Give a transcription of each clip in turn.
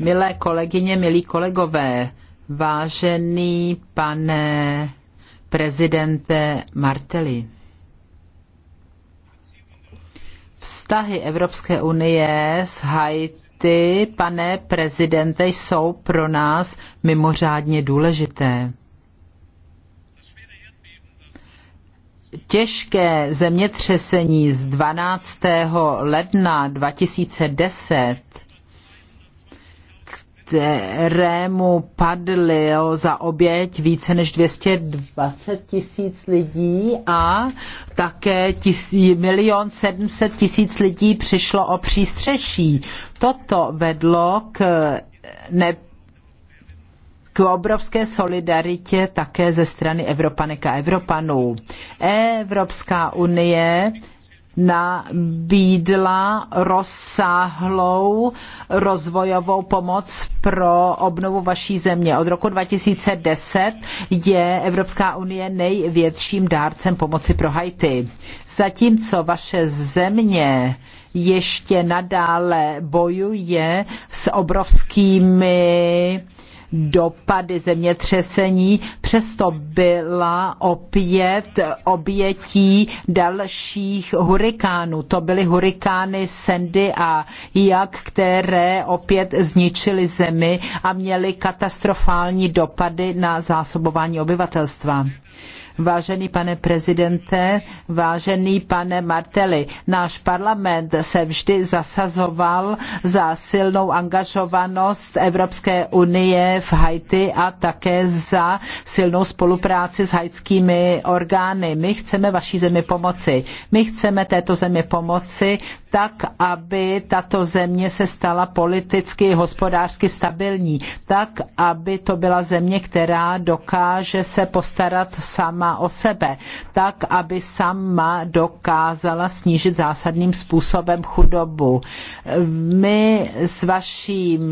Milé kolegyně, milí kolegové, vážený pane prezidente Martelli. Vztahy Evropské unie s Haiti, pane prezidente, jsou pro nás mimořádně důležité. těžké zemětřesení z 12. ledna 2010 kterému padly za oběť více než 220 tisíc lidí a také milion 700 tisíc lidí přišlo o přístřeší. Toto vedlo k ne k obrovské solidaritě také ze strany Evropanek a Evropanů. Evropská unie nabídla rozsáhlou rozvojovou pomoc pro obnovu vaší země. Od roku 2010 je Evropská unie největším dárcem pomoci pro Haiti. Zatímco vaše země ještě nadále bojuje s obrovskými dopady zemětřesení, přesto byla opět obětí dalších hurikánů. To byly hurikány Sandy a Jak, které opět zničily zemi a měly katastrofální dopady na zásobování obyvatelstva. Vážený pane prezidente, vážený pane Marteli, náš parlament se vždy zasazoval za silnou angažovanost Evropské unie v Haiti a také za silnou spolupráci s haitskými orgány. My chceme vaší zemi pomoci. My chceme této zemi pomoci tak, aby tato země se stala politicky, hospodářsky stabilní, tak, aby to byla země, která dokáže se postarat sama sama o sebe, tak aby sama dokázala snížit zásadním způsobem chudobu. My s, vaším,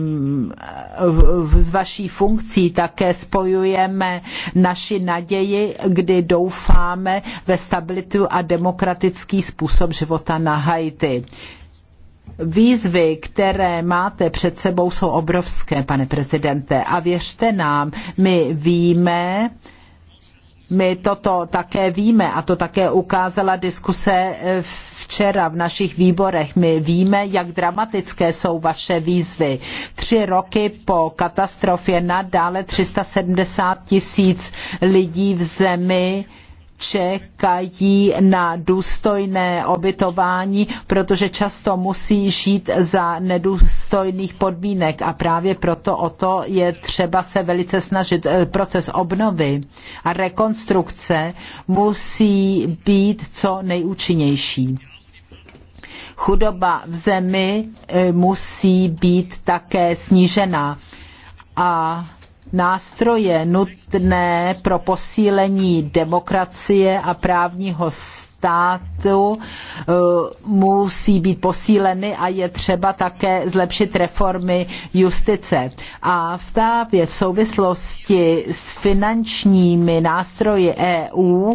s vaší funkcí také spojujeme naši naději, kdy doufáme ve stabilitu a demokratický způsob života na Haiti. Výzvy, které máte před sebou, jsou obrovské, pane prezidente. A věřte nám, my víme, my toto také víme a to také ukázala diskuse eh, včera v našich výborech. My víme, jak dramatické jsou vaše výzvy. Tři roky po katastrofě nadále 370 tisíc lidí v zemi čekají na důstojné obytování, protože často musí žít za nedůstojných podmínek a právě proto o to je třeba se velice snažit. Eh, proces obnovy a rekonstrukce musí být co nejúčinnější chudoba v zemi eh, musí být také snížena. A nástroje nutné pro posílení demokracie a právního státu eh, musí být posíleny a je třeba také zlepšit reformy justice. A v právě v souvislosti s finančními nástroji EU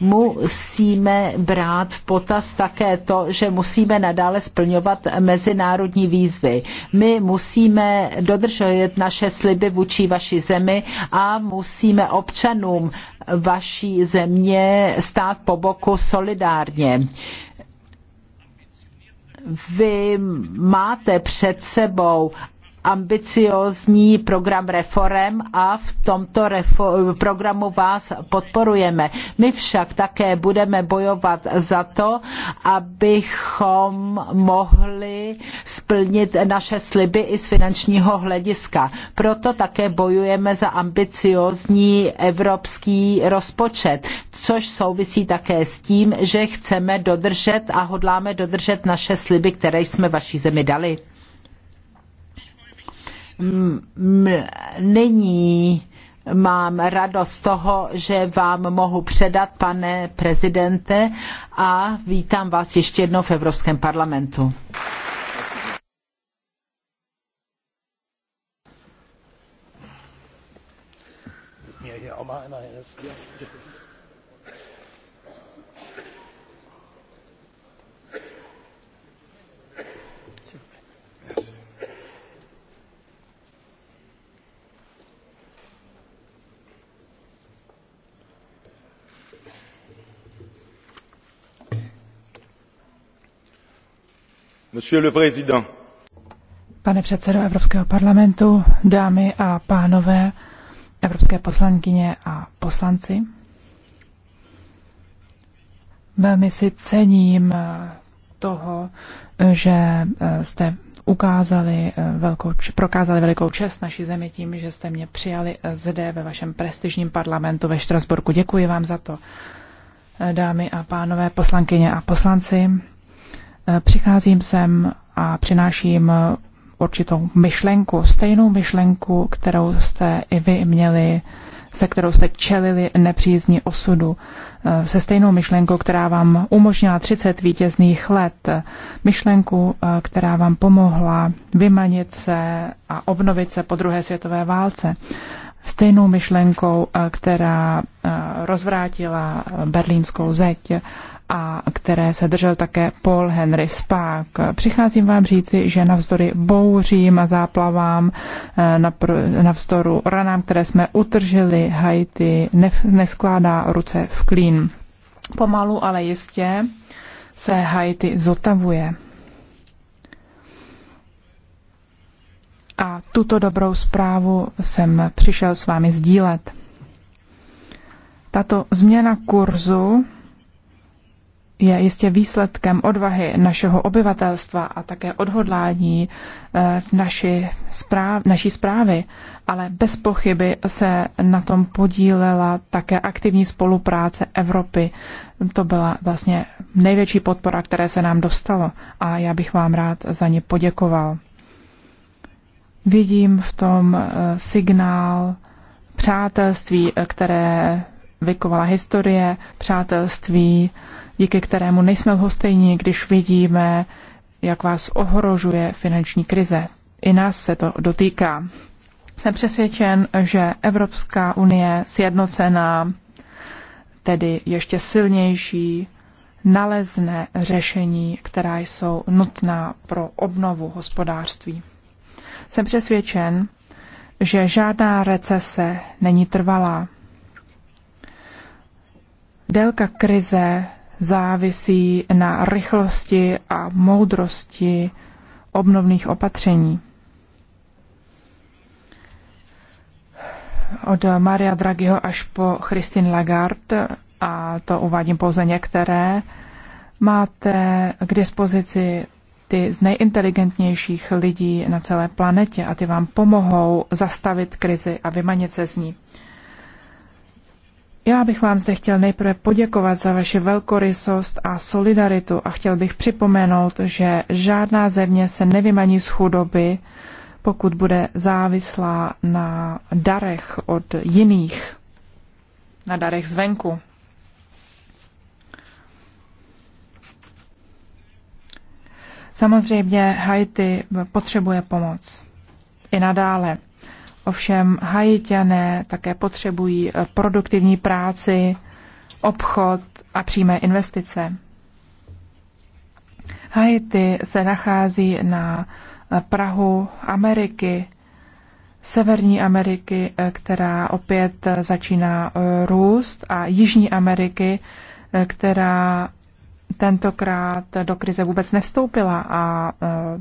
musíme brát v potaz také to, že musíme nadále splňovat mezinárodní výzvy. My musíme dodržovat naše sliby vůči vaší zemi a musíme občanům vaší země stát po boku solidárně vy máte před sebou ambiciózní program reform a v tomto programu vás podporujeme. My však také budeme bojovat za to, abychom mohli splnit naše sliby i z finančního hlediska. Proto také bojujeme za ambiciózní evropský rozpočet, což souvisí také s tím, že chceme dodržet a hodláme dodržet naše sliby, které jsme vaší zemi dali nyní mám radost toho, že vám mohu předat, pane prezidente, a vítám vás ještě jednou v Evropském parlamentu. Pane předsedo Evropského parlamentu, dámy a pánové, evropské poslankyně a poslanci, velmi si cením eh, toho, že eh, jste ukázali eh, velkou, prokázali velikou čest naší zemi tím, že jste mě přijali zde ve vašem prestižním parlamentu ve Štrasburku. Děkuji vám za to, dámy a pánové, poslankyně a poslanci. Eh, přicházím sem a přináším eh, určitou myšlenku, stejnou myšlenku, kterou jste i vy měli, se kterou jste čelili nepřízní osudu, eh, se stejnou myšlenkou, která vám umožnila 30 vítězných let, myšlenku, která vám pomohla vymanit se a obnovit se po druhé světové válce stejnou myšlenkou, která rozvrátila berlínskou zeď a které se držel také Paul Henry Spák. Přicházím vám říci, že navzdory bouřím a záplavám, eh, navzdoru ranám, které jsme utržili, Haiti neskládá ruce v klín. Pomalu, ale jistě se Haiti zotavuje. A tuto dobrou zprávu jsem přišel s vámi sdílet. Tato změna kurzu je jistě výsledkem odvahy našeho obyvatelstva a také odhodlání eh, naši správ, naší zprávy, ale bez pochyby se na tom podílela také aktivní spolupráce Evropy. To byla vlastně největší podpora, které se nám dostalo a já bych vám rád za ně poděkoval. Vidím v tom eh, signál přátelství, eh, které vykovala historie, přátelství díky kterému nejsme lhostejní, když vidíme, jak vás ohrožuje finanční krize. I nás se to dotýká. Jsem přesvědčen, že Evropská unie sjednocená, tedy ještě silnější, nalezne řešení, která jsou nutná pro obnovu hospodářství. Jsem přesvědčen, že žádná recese není trvalá. Délka krize závisí na rychlosti a moudrosti obnovných opatření. Od Maria Draghiho až po Christine Lagarde, a to uvádím pouze některé, máte k dispozici ty z nejinteligentnějších lidí na celé planetě a ty vám pomohou zastavit krizi a vymanit se z ní. Já bych vám zde chtěl nejprve poděkovat za vaši velkorysost a solidaritu a chtěl bych připomenout, že žádná země se nevymaní z chudoby, pokud bude závislá na darech od jiných, na darech zvenku. Samozřejmě Haiti potřebuje pomoc. I nadále. Ovšem hajitěné také potřebují eh, produktivní práci, obchod a přímé investice. Haiti se nachází na eh, Prahu Ameriky, Severní Ameriky, eh, která opět začíná růst, a Jižní Ameriky, která tentokrát do krize vůbec nevstoupila a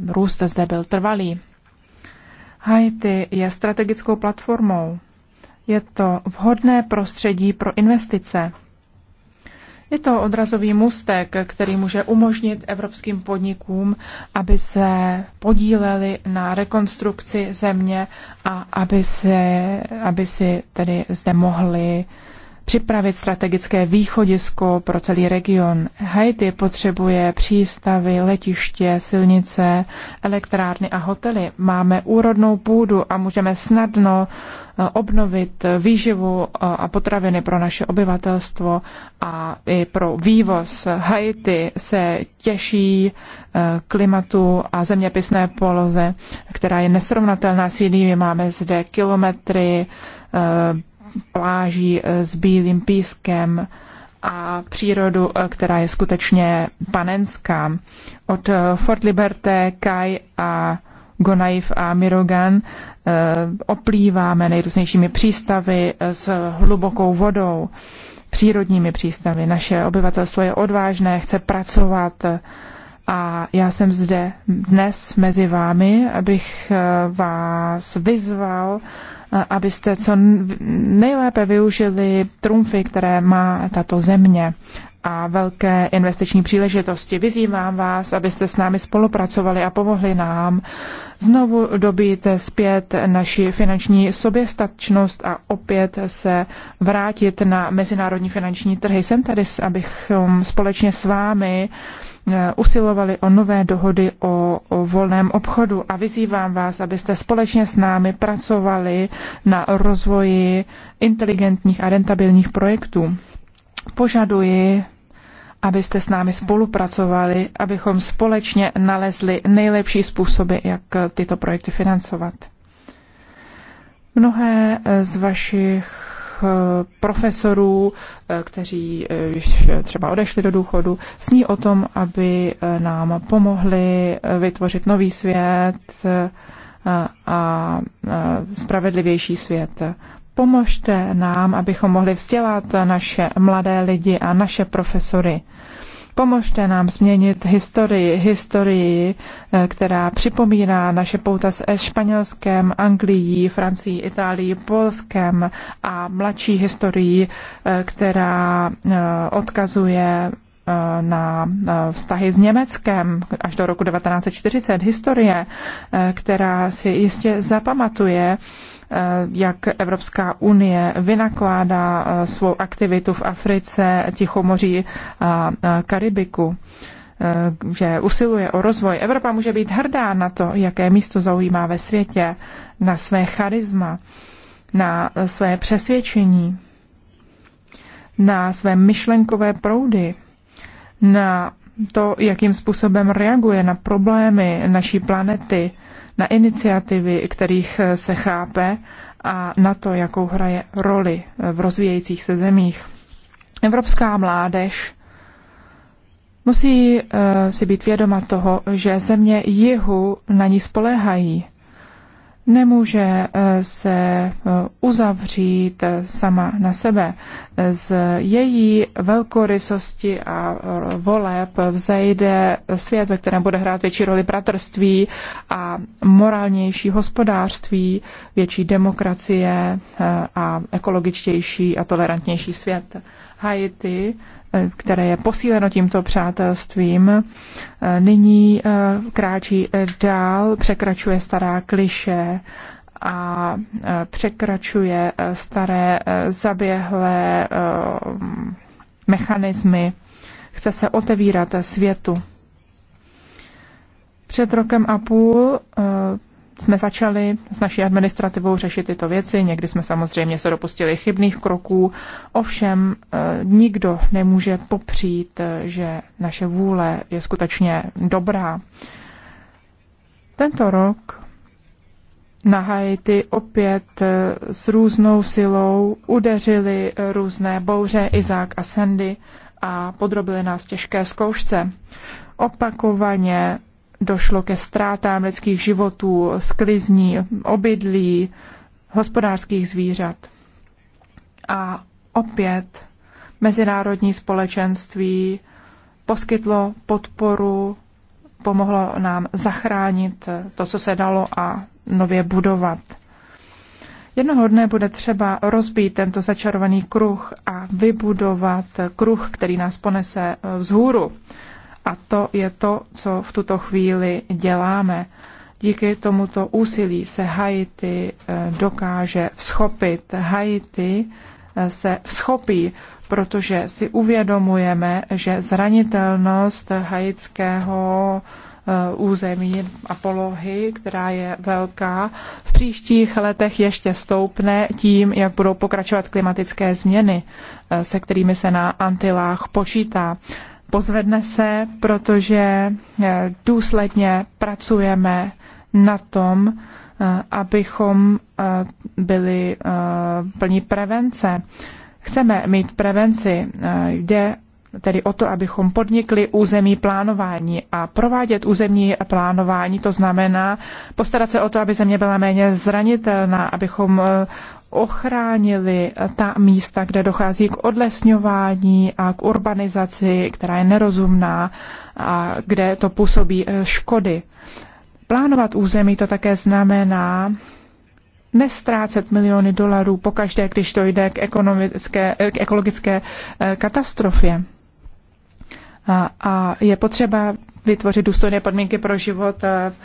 růst zde byl trvalý. Haiti je strategickou platformou. Je to vhodné prostředí pro investice. Je to odrazový mustek, který může umožnit evropským podnikům, aby se podíleli na rekonstrukci země a aby si, aby si tedy zde mohli uh, připravit strategické východisko pro celý region. Haiti potřebuje přístavy, letiště, silnice, elektrárny a hotely. Máme úrodnou půdu a můžeme snadno eh, obnovit výživu eh, a potraviny pro naše obyvatelstvo a i pro vývoz. Haiti se těší eh, klimatu a zeměpisné poloze, která je nesrovnatelná s jinými. Máme zde kilometry pláží eh, s bílým pískem a přírodu, eh, která je skutečně panenská. Od eh, Fort Liberté, Kaj a Gonaiv a Mirogan oplýváme nejrůznějšími přístavy s hlubokou vodou, přírodními přístavy. Naše obyvatelstvo je odvážné, chce pracovat a já jsem zde dnes mezi vámi, abych vás vyzval, abyste co nejlépe využili trumfy, které má tato země a velké investiční příležitosti. Vyzývám vás, abyste s námi spolupracovali a pomohli nám znovu dobít zpět naši finanční soběstačnost a opět se vrátit na mezinárodní finanční trhy. Jsem tady, abych společně s vámi uh, Eh, usilovali o nové dohody o, o volném obchodu a vyzývám vás, abyste společně s námi pracovali na rozvoji inteligentních a rentabilních projektů. Požaduji abyste s námi spolupracovali, abychom společně nalezli nejlepší způsoby, jak tyto projekty financovat. Mnohé z vašich Eh, profesorů, eh, kteří už eh, třeba odešli do důchodu, sní o tom, aby nám pomohli vytvořit nový svět a spravedlivější svět. Pomožte nám, abychom mohli vzdělat naše mladé lidi a naše profesory. Pomožte nám změnit historii, historii, eh, která připomíná naše pouta s Španělskem, Anglií, Francií, Itálií, Polskem a mladší historii, eh, která eh, odkazuje Eh, na eh, vztahy s Německem až do roku 1940, historie, eh, která si jistě zapamatuje, jak Evropská unie vynakládá svou aktivitu v Africe, Tichomoří a Karibiku že usiluje o rozvoj. Evropa může být hrdá na to, jaké místo zaujímá ve světě, na své charisma, na své přesvědčení, na své myšlenkové proudy, na to, jakým způsobem reaguje na problémy naší planety, na iniciativy, kterých se chápe a na to, jakou hraje roli v rozvíjejících se zemích. Evropská mládež musí eh, si být vědoma toho, že země jihu na ní spolehají nemůže eh, se eh, uzavřít eh, sama na sebe. Z její velkorysosti a voleb vzejde svět, ve kterém bude hrát větší roli bratrství a morálnější hospodářství, větší demokracie a ekologičtější a tolerantnější svět. Haiti které je posíleno tímto přátelstvím, nyní eh, kráčí dál, překračuje stará kliše a eh, překračuje eh, staré zaběhlé mechanismy. Chce se otevírat světu. Před rokem a půl jsme začali s naší administrativou řešit tyto věci. Někdy jsme samozřejmě se dopustili chybných kroků, ovšem eh, nikdo nemůže popřít, eh, že naše vůle je skutečně dobrá. Tento rok na Haiti opět eh, s různou silou udeřili různé bouře Izák a Sandy a podrobili nás těžké zkoušce. Opakovaně došlo ke ztrátám lidských životů, sklizní, obydlí, hospodářských zvířat. A opět mezinárodní společenství poskytlo podporu, pomohlo nám zachránit to, co se dalo a nově budovat. Jednoho dne bude třeba rozbít tento začarovaný kruh a vybudovat kruh, který nás ponese vzhůru. A to je to, co v tuto chvíli děláme. Díky tomuto úsilí se Haiti eh, dokáže schopit. Haiti eh, se schopí, protože si uvědomujeme, že zranitelnost haitského eh, území a polohy, která je velká, v příštích letech ještě stoupne tím, jak budou pokračovat klimatické změny, se kterými se na Antilách počítá pozvedne se, protože eh, důsledně pracujeme na tom, eh, abychom eh, byli plní prevence. Chceme mít prevenci, jde tedy o to, abychom podnikli území plánování a provádět územní plánování, to znamená postarat se o to, aby země byla méně zranitelná, abychom ochránili ta místa, kde dochází k odlesňování a k urbanizaci, která je nerozumná a kde to působí eh, škody. Plánovat území to také znamená nestrácet miliony dolarů pokaždé, když to jde k, ekonomické, eh, k ekologické eh, katastrofě. A, a je potřeba vytvořit důstojné podmínky pro život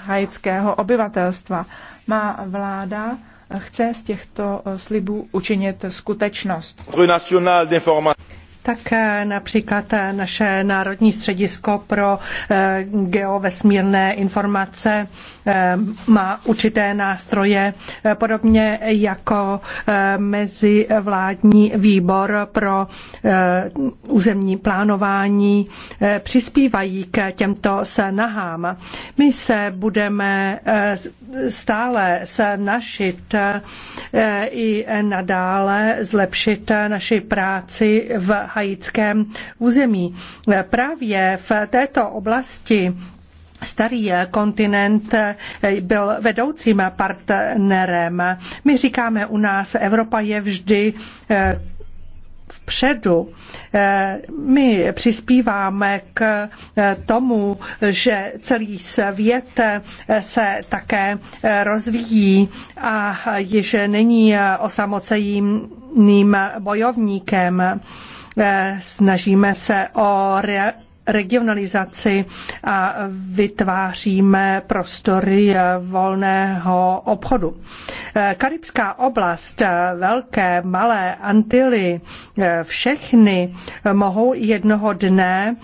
haitského obyvatelstva. Má vláda chce z těchto eh, slibů učinit skutečnost. Tak eh, například eh, naše Národní středisko pro geovesmírné informace má určité nástroje, podobně jako mezivládní výbor pro územní plánování přispívají k těmto snahám. My se budeme stále se našit eh, i nadále zlepšit naši práci v haitském území. Právě v této oblasti Starý kontinent eh, byl vedoucím partnerem. My říkáme u nás, Evropa je vždy eh, vpředu. Eh, my přispíváme k eh, tomu, že celý svět eh, se také rozvíjí a již není osamoceným bojovníkem snažíme se o re- regionalizaci a vytváříme prostory volného obchodu. Karibská oblast, velké, malé Antily, všechny mohou jednoho dne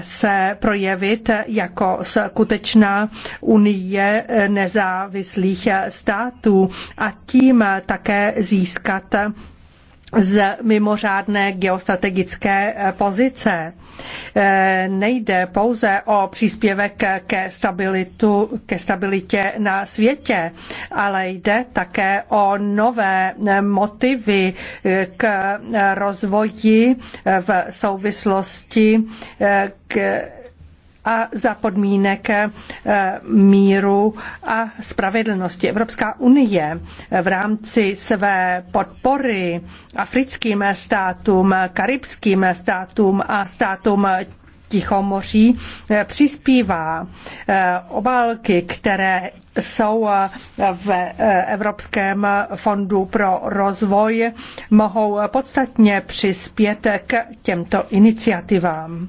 se projevit jako skutečná unie nezávislých států a tím také získat z mimořádné geostrategické eh, pozice. Eh, nejde pouze o příspěvek ke, stabilitu, ke stabilitě na světě, ale jde také o nové eh, motivy k rozvoji v souvislosti k a za podmínek eh, míru a spravedlnosti. Evropská unie eh, v rámci své podpory africkým státům, karibským státům a státům Tichomoří eh, přispívá obálky, které jsou v Evropském fondu pro rozvoj, mohou podstatně přispět k těmto iniciativám.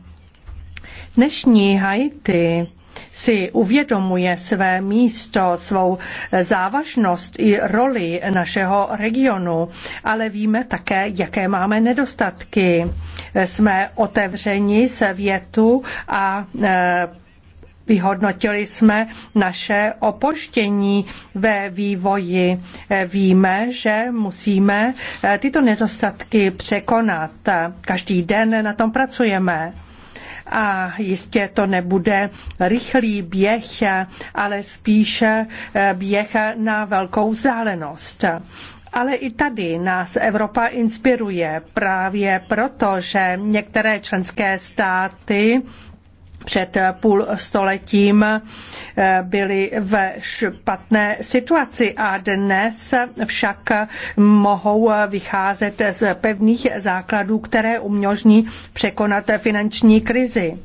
Dnešní Haiti si uvědomuje své místo, svou závažnost i roli našeho regionu, ale víme také, jaké máme nedostatky. Jsme otevřeni světu a e, Vyhodnotili jsme naše opoštění ve vývoji. E, víme, že musíme e, tyto nedostatky překonat. Každý den na tom pracujeme a jistě to nebude rychlý běh, ale spíše eh, běh na velkou vzdálenost. Ale i tady nás Evropa inspiruje právě proto, že některé členské státy před půl stoletím eh, byli ve špatné situaci a dnes však mohou vycházet z pevných základů, které umožní překonat finanční krizi.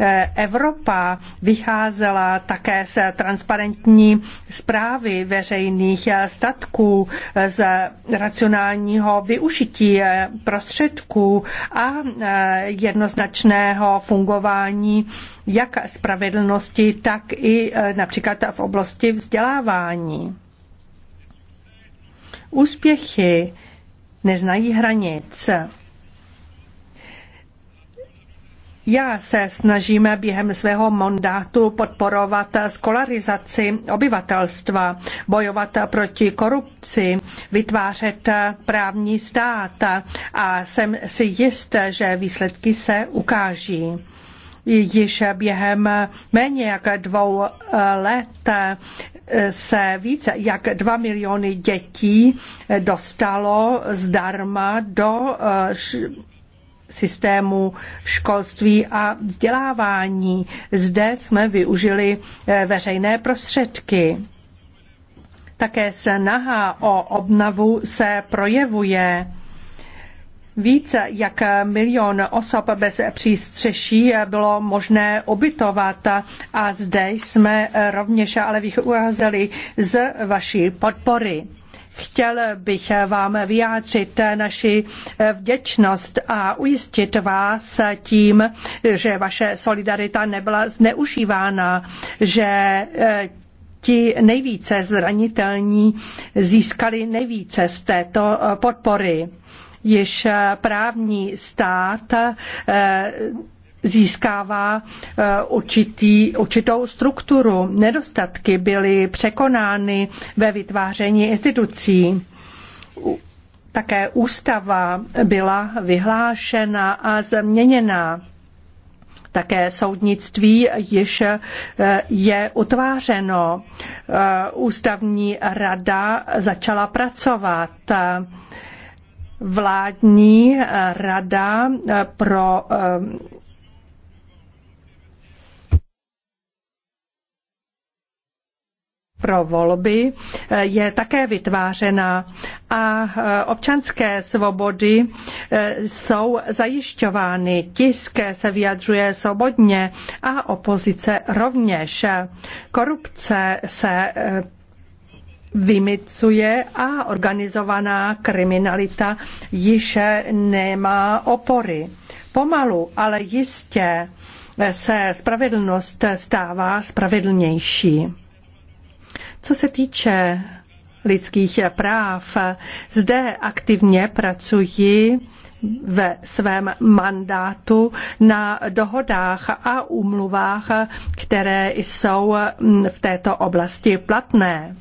Eh, Evropa vycházela také z transparentní zprávy veřejných statků, eh, z racionálního využití eh, prostředků a jednoznačného fungování jak spravedlnosti, tak i například v oblasti vzdělávání. Úspěchy neznají hranic. Já se snažíme během svého mandátu podporovat skolarizaci obyvatelstva, bojovat proti korupci, vytvářet právní stát a jsem si jist, že výsledky se ukáží již během méně jak dvou let se více jak dva miliony dětí dostalo zdarma do systému školství a vzdělávání. Zde jsme využili eh, veřejné prostředky. Také se nahá o obnavu se projevuje. Více jak milion osob bez přístřeší bylo možné ubytovat a zde jsme rovněž ale vycházeli z vaší podpory. Chtěl bych vám vyjádřit naši vděčnost a ujistit vás tím, že vaše solidarita nebyla zneužívána, že eh, ti nejvíce zranitelní získali nejvíce z této eh, podpory. Již eh, právní stát získává eh, určitý, určitou strukturu. Nedostatky byly překonány ve vytváření institucí. Také ústava byla vyhlášena a změněna. Také soudnictví již eh, je utvářeno. Eh, ústavní rada začala pracovat vládní rada pro pro volby eh, je také vytvářena a eh, občanské svobody eh, jsou zajišťovány. Tisk se vyjadřuje svobodně a opozice rovněž. Korupce se vymicuje a organizovaná kriminalita již nemá opory. Pomalu, ale jistě se spravedlnost stává spravedlnější. Co se týče lidských práv, zde aktivně pracuji ve svém mandátu na dohodách a úmluvách, které jsou v této oblasti platné.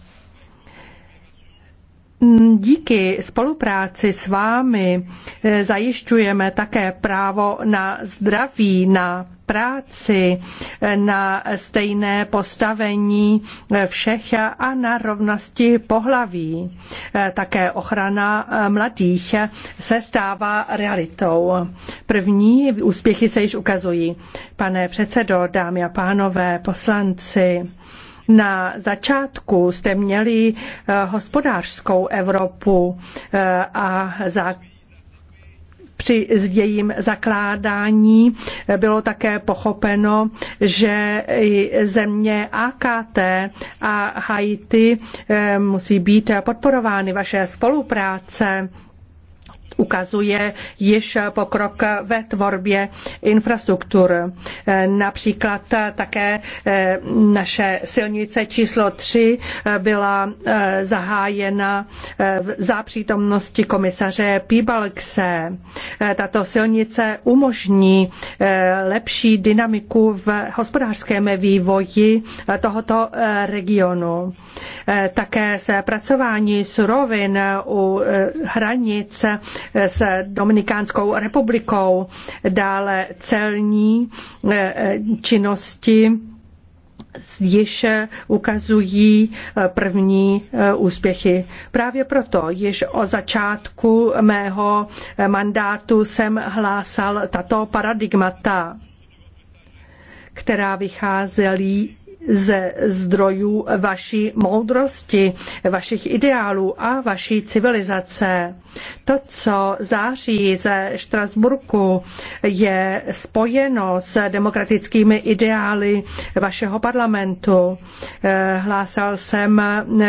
Mm, díky spolupráci s vámi eh, zajišťujeme také právo na zdraví, na práci, eh, na stejné postavení eh, všech a na rovnosti pohlaví. Také ochrana mladých se stává realitou. První úspěchy se již ukazují. Pane předsedo, dámy a pánové, poslanci, na začátku jste měli eh, hospodářskou Evropu eh, a za při jejím zakládání eh, bylo také pochopeno, že i země AKT a Haiti musí být podporovány vaše spolupráce ukazuje již pokrok ve tvorbě infrastruktur. Například také eh, naše silnice číslo 3 eh, byla eh, zahájena za přítomnosti komisaře Píbalkse. Tato silnice umožní lepší dynamiku v hospodářském vývoji tohoto regionu. Také zpracování surovin u hranic s Dominikánskou republikou, dále celní eh, činnosti již ukazují eh, první eh, úspěchy. Právě proto již o začátku mého mandátu jsem hlásal tato paradigmata, která vycházely ze zdrojů vaší moudrosti, vašich ideálů a vaší civilizace. To, co září ze Štrasburku, je spojeno s demokratickými ideály vašeho parlamentu. Eh, hlásal jsem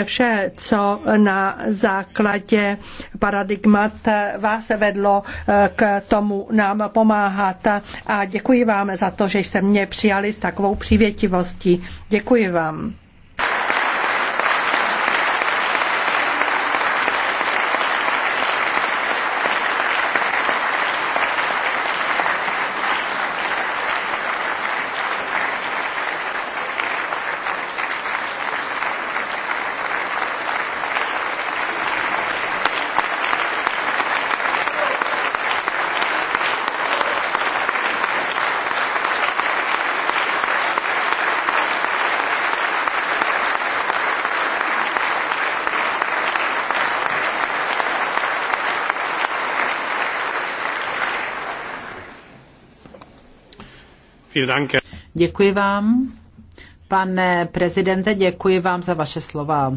vše, co na základě paradigmat vás vedlo eh, k tomu nám pomáhat a děkuji vám za to, že jste mě přijali s takovou přívětivostí. Děkuji vám. Děkuji vám. Pane prezidente, děkuji vám za vaše slova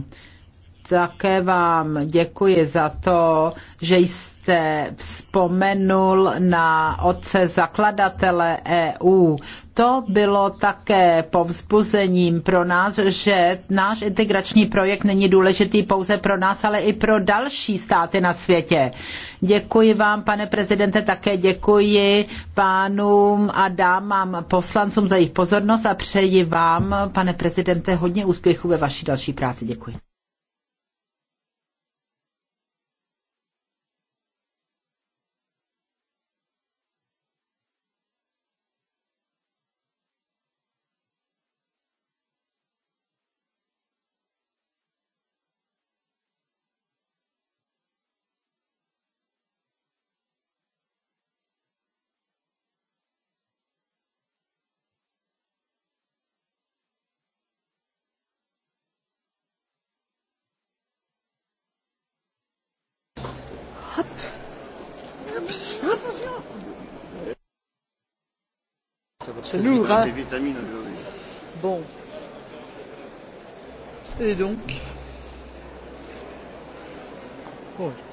také vám děkuji za to, že jste vzpomenul na otce zakladatele EU. To bylo také povzbuzením pro nás, že náš integrační projekt není důležitý pouze pro nás, ale i pro další státy na světě. Děkuji vám, pane prezidente, také děkuji pánům a dámám poslancům za jejich pozornost a přeji vám, pane prezidente, hodně úspěchů ve vaší další práci. Děkuji. Hop. C'est lourd, hein Bon. Et donc Bon. Oh.